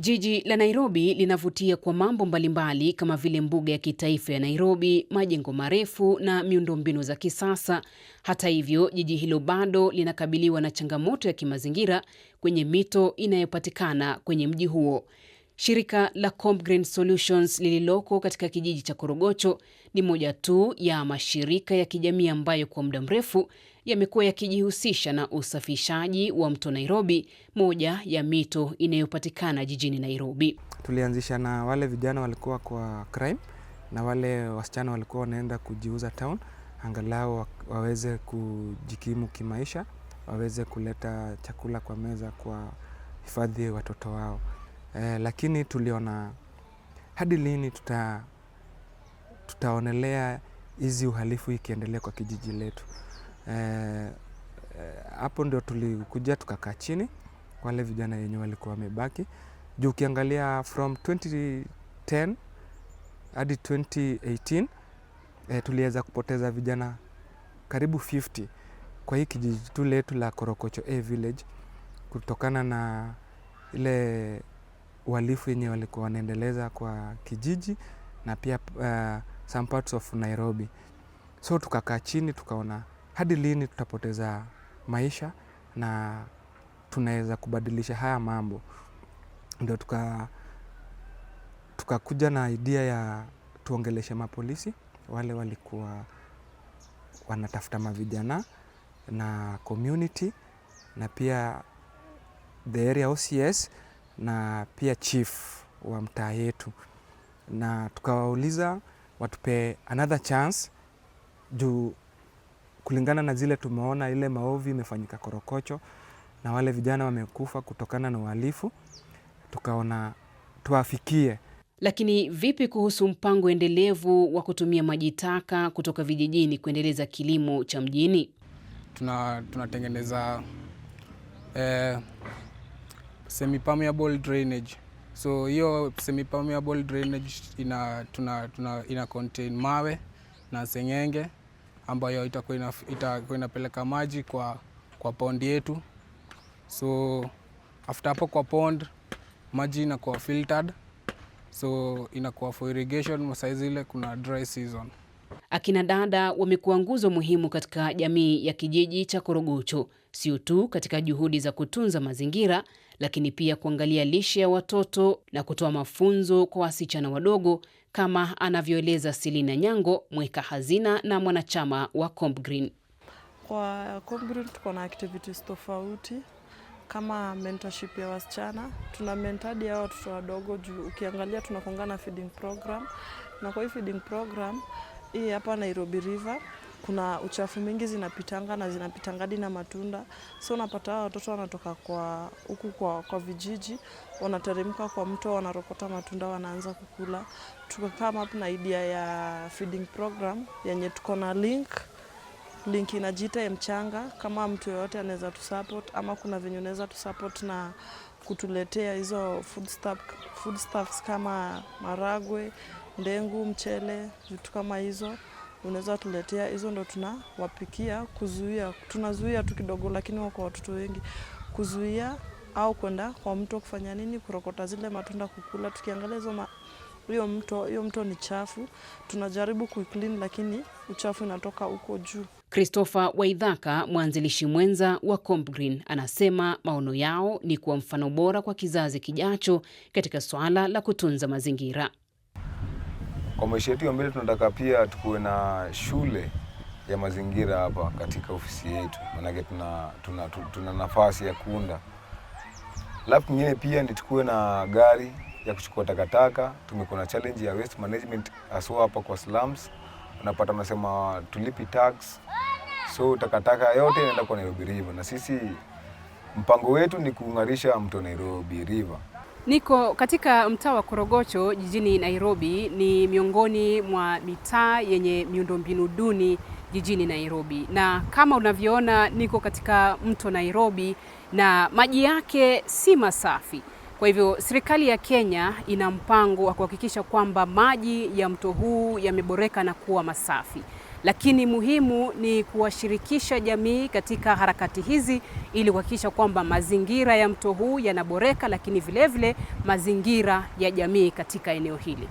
Jiji la Nairobi linavutia kwa mambo mbalimbali kama vile mbuga ya kitaifa ya Nairobi, majengo marefu na miundombinu za kisasa. Hata hivyo, jiji hilo bado linakabiliwa na changamoto ya kimazingira kwenye mito inayopatikana kwenye mji huo. Shirika la Solutions lililoko katika kijiji cha Korogocho ni moja tu ya mashirika ya kijamii ambayo kwa muda mrefu yamekuwa yakijihusisha na usafishaji wa mto Nairobi, moja ya mito inayopatikana jijini Nairobi. Tulianzisha na wale vijana walikuwa kwa crime na wale wasichana walikuwa wanaenda kujiuza town, angalau waweze kujikimu kimaisha, waweze kuleta chakula kwa meza kwa hifadhi watoto wao eh, lakini tuliona hadi lini tuta, tutaonelea hizi uhalifu ikiendelea kwa kijiji letu eh, eh, hapo. Eh, ndio tulikuja tukakaa chini wale vijana wenye walikuwa wamebaki juu, ukiangalia from 2010 hadi 2018 eh, tuliweza kupoteza vijana karibu 50 kwa hii kijiji tu letu la Korokocho A village kutokana na ile uhalifu yenye walikuwa wanaendeleza kwa kijiji na pia uh, some parts of Nairobi. So tukakaa chini tukaona hadi lini tutapoteza maisha na tunaweza kubadilisha haya mambo, ndio tuka tukakuja na idea ya tuongeleshe mapolisi wale walikuwa wanatafuta mavijana na community na pia the area OCS na pia chief wa mtaa yetu, na tukawauliza watupe another chance juu kulingana na zile tumeona ile maovi imefanyika Korokocho na wale vijana wamekufa kutokana na uhalifu, tukaona tuwafikie. Lakini vipi kuhusu mpango endelevu wa kutumia maji taka kutoka vijijini kuendeleza kilimo cha mjini? Tuna, tunatengeneza eh, semi-permeable drainage. So hiyo semi-permeable drainage ina, tuna, tuna, ina contain mawe na seng'enge ambayo itakuwa inapeleka maji kwa, kwa pond yetu. So after hapo kwa pond maji inakuwa filtered, so inakuwa for irrigation masaizi ile kuna dry season. Akina dada wamekuwa nguzo muhimu katika jamii ya kijiji cha Korogocho, sio tu katika juhudi za kutunza mazingira lakini pia kuangalia lishe ya watoto na kutoa mafunzo kwa wasichana wadogo, kama anavyoeleza Selina Nyango, mweka hazina na mwanachama wa CompGreen. Kwa CompGreen tuko na activities tofauti kama mentorship ya wasichana, tuna mentadi ya watoto wadogo juu ukiangalia tunakongana feeding program, na kwa hii feeding program hii hapa Nairobi River kuna uchafu mingi zinapitanga na zinapitangadi na matunda, so unapata watoto wanatoka kwa huku kwa, kwa vijiji wanateremka kwa mto wanarokota matunda wanaanza kukula. Tukakama up na idea ya feeding program yenye tuko na link link inajiita Mchanga. Kama mtu yoyote anaweza tusupport ama kuna venye unaweza tusupport na kutuletea hizo foodstuffs kama maragwe, ndengu, mchele, vitu kama hizo unaweza tuletea hizo, ndo tunawapikia kuzuia, tunazuia tu kidogo, lakini wako watoto wengi kuzuia au kwenda kwa mto kufanya nini, kurokota zile matunda kukula. Tukiangalia hizo hiyo mto, hiyo mto ni chafu, tunajaribu kuiclean, lakini uchafu inatoka huko juu. Christopher Waidhaka, mwanzilishi mwenza wa Comp Green, anasema maono yao ni kuwa mfano bora kwa kizazi kijacho katika swala la kutunza mazingira. Kwa maisha yetu ya mbele tunataka pia tukuwe na shule ya mazingira hapa katika ofisi yetu, maanake tuna, tuna, tuna, tuna nafasi ya kuunda. Alafu kingine pia ni tukuwe na gari ya kuchukua takataka. Tumekuwa na challenge ya waste management haswa hapa kwa slums, unapata unasema tulipi tax, so takataka yote inaenda kwa Nairobi River, na sisi mpango wetu ni kuungarisha mto Nairobi River. Niko katika mtaa wa Korogocho jijini Nairobi. Ni miongoni mwa mitaa yenye miundombinu duni jijini Nairobi, na kama unavyoona niko katika mto Nairobi na maji yake si masafi. Kwa hivyo serikali ya Kenya ina mpango wa kuhakikisha kwamba maji ya mto huu yameboreka na kuwa masafi lakini muhimu ni kuwashirikisha jamii katika harakati hizi ili kuhakikisha kwamba mazingira ya mto huu yanaboreka, lakini vilevile vile mazingira ya jamii katika eneo hili.